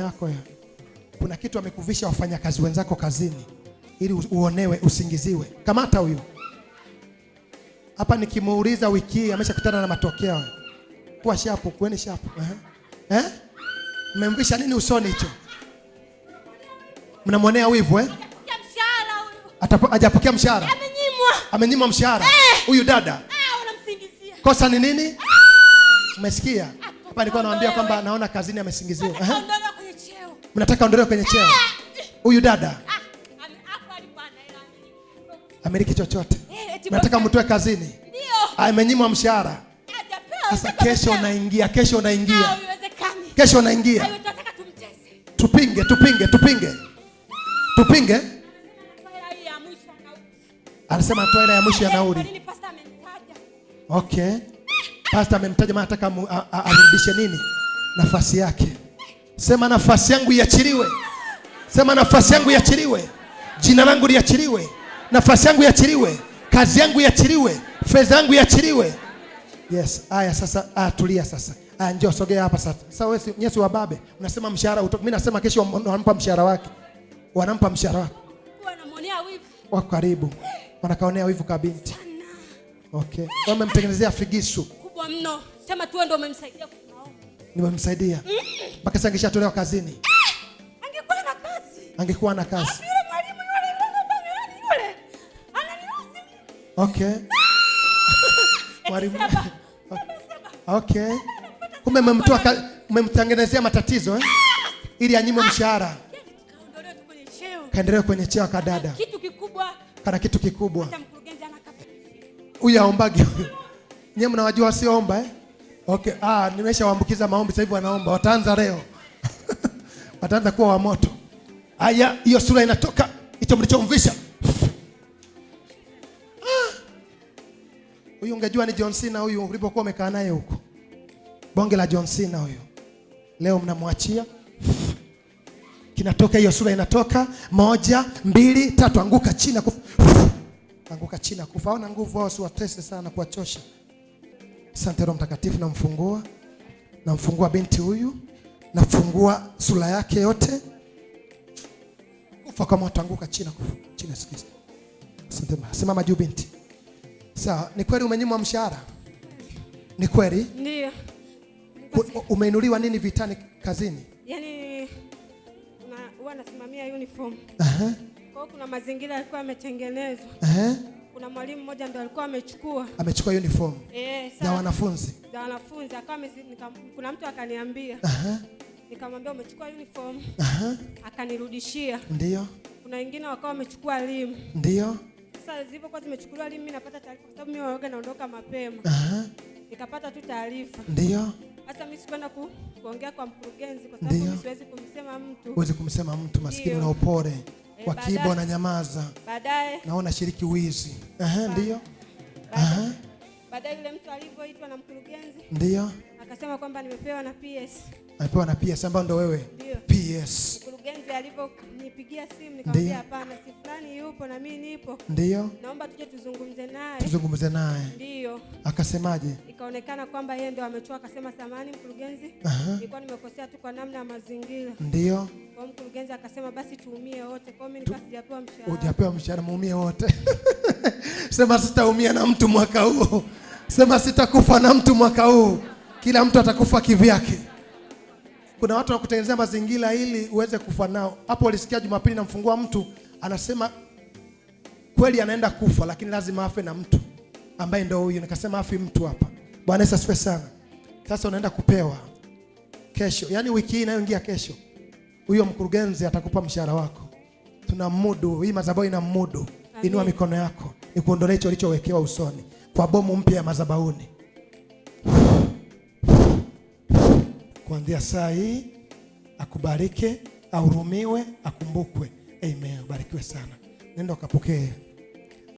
yako kuna kitu amekuvisha wafanyakazi wenzako kazini, ili uonewe, usingiziwe. Kamata huyu hapa, nikimuuliza wiki hii ameshakutana na matokeo. Kuwa shapu, kueni shapu. Eh, mmemvisha nini usoni? Hicho mnamwonea wivu eh? Hajapokea mshahara, amenyimwa mshahara eh. huyu eh. dada. Kosa ni nini? Ah. Umesikia hapa, nilikuwa naambia kwamba naona kazini amesingiziwa eh? mnataka ondolewe kwenye cheo. Huyu dada ameriki chochote, mnataka eh, mtoe kazini, amenyimwa mshahara. Sasa kesho unaingia, kesho unaingia, ah, kesho unaingia. Tupinge, tupinge, tupinge, tupinge. Anasema atoe ya mwisho ya ah, nauli. Okay, pasta amemtaja, anataka nini nafasi yake Sema nafasi yangu iachiliwe. Sema nafasi yangu iachiliwe, jina langu liachiliwe, nafasi yangu iachiliwe, kazi yangu iachiliwe, fedha yangu iachiliwe. Yes, aya sasa, aya tulia sasa. Aya njoo sogea hapa sasa. Sasa wewe nyesi wa babe, unasema mshahara utoke. Mimi nasema kesho wanampa mshahara wake. Wanampa mshahara wake. Wanamonea wivu. Wako karibu. Wanakaonea wivu ka binti. Okay. Wamemtengenezea figisu. Kubwa mno. Sema tu wewe ndio umemsaidia nimemsaidia mpaka sasa angeshatolewa kazini, angekuwa na kazi, angekuwa na kazi. Okay, ah! okay, kumbe mmemtoa, mmemtengenezea matatizo eh, ah! ili anyimwe ah! mshahara, yaani kaendelee kwenye cheo kadada, kitu kikubwa, kana kitu kikubwa. Huyu aombage huyu, nyewe mnawajua wasioomba eh? Okay, ah, nimeshawaambukiza maombi sasa hivi wanaomba wataanza leo. wataanza kuwa wa moto. Aya, hiyo sura inatoka hicho mlichomvisha. Ah! Huyu ungejua ni John Cena huyu ulipokuwa umekaa naye huko. Bonge la John Cena huyo. Leo mnamwachia. Kinatoka hiyo sura inatoka moja, mbili, tatu anguka chini kufa. Anguka chini kufa. Ona nguvu wao, siwatese sana kuwachosha. Asante Roho Mtakatifu, namfungua, namfungua binti huyu, nafungua sura yake yote, kufa kama utanguka chini, kufa chini Yesu Kristo. Asante Baba. Simama juu binti. Sawa, ni kweli umenyimwa mshahara? Ni kweli? Ndio. Umeinuliwa nini vitani kazini? Yani na nasimamia uniform. Aha. Kwa kuna mazingira yalikuwa yametengenezwa. Aha kuna mwalimu mmoja ndo alikuwa amechukua amechukua uniform eh, ya wanafunzi za wanafunzi akawa kuna mtu akaniambia uh-huh. Nikamwambia umechukua uniform uh-huh. Akanirudishia ndio. Kuna wengine wakawa wamechukua elimu ndio. Sasa zilipokuwa zimechukuliwa elimu, napata taarifa kwa sababu mimi waoga naondoka mapema uh-huh. Nikapata tu taarifa ndio hata mimi sikwenda kuongea kwa mkurugenzi kwa sababu siwezi kumsema mtu. Huwezi kumsema mtu maskini na opore e, wa kibo na nyamaza. Baadaye naona shiriki wizi. Aha, ndio. Aha. Baadaye yule mtu alivyoitwa na mkurugenzi. Ndio. Akasema kwamba nimepewa na PS. Amepewa na PS ambayo ndo wewe. Ndio. PS. Mkurugenzi dada alivyonipigia simu nikamwambia hapana, si fulani yupo na mimi nipo. Ndio. Naomba tuje tuzungumze naye. Tuzungumze naye. Ndio. Akasemaje? Ikaonekana kwamba yeye ndio amechoa, akasema samani mkurugenzi, nilikuwa nimekosea tu kwa namna ya mazingira. Ndio. Kwa mkurugenzi akasema basi tuumie wote. Kwa mimi nikawa sijapewa mshahara. Hujapewa mshahara, muumie wote. Sema sitaumia na mtu mwaka huu. Sema sitakufa na mtu mwaka huu. Kila mtu atakufa kivyake kuna watu wakutengenezea mazingira ili uweze kufa nao. Hapo ulisikia Jumapili, namfungua mtu anasema kweli anaenda kufa, lakini lazima afe na mtu ambaye ndio huyu. Nikasema afi mtu hapa. Bwana Yesu asifiwe sana. Sasa unaenda kupewa kesho, yaani wiki hii inayoingia kesho, huyo mkurugenzi atakupa mshahara wako. Tuna mudu hii madhabahu ina mudu. Inua mikono yako ikuondolee hicho ulichowekewa usoni kwa bomu mpya ya madhabahuni. kuanzia saa hii, akubariki, ahurumiwe, akumbukwe. Amen. Barikiwe sana, nenda ukapokee.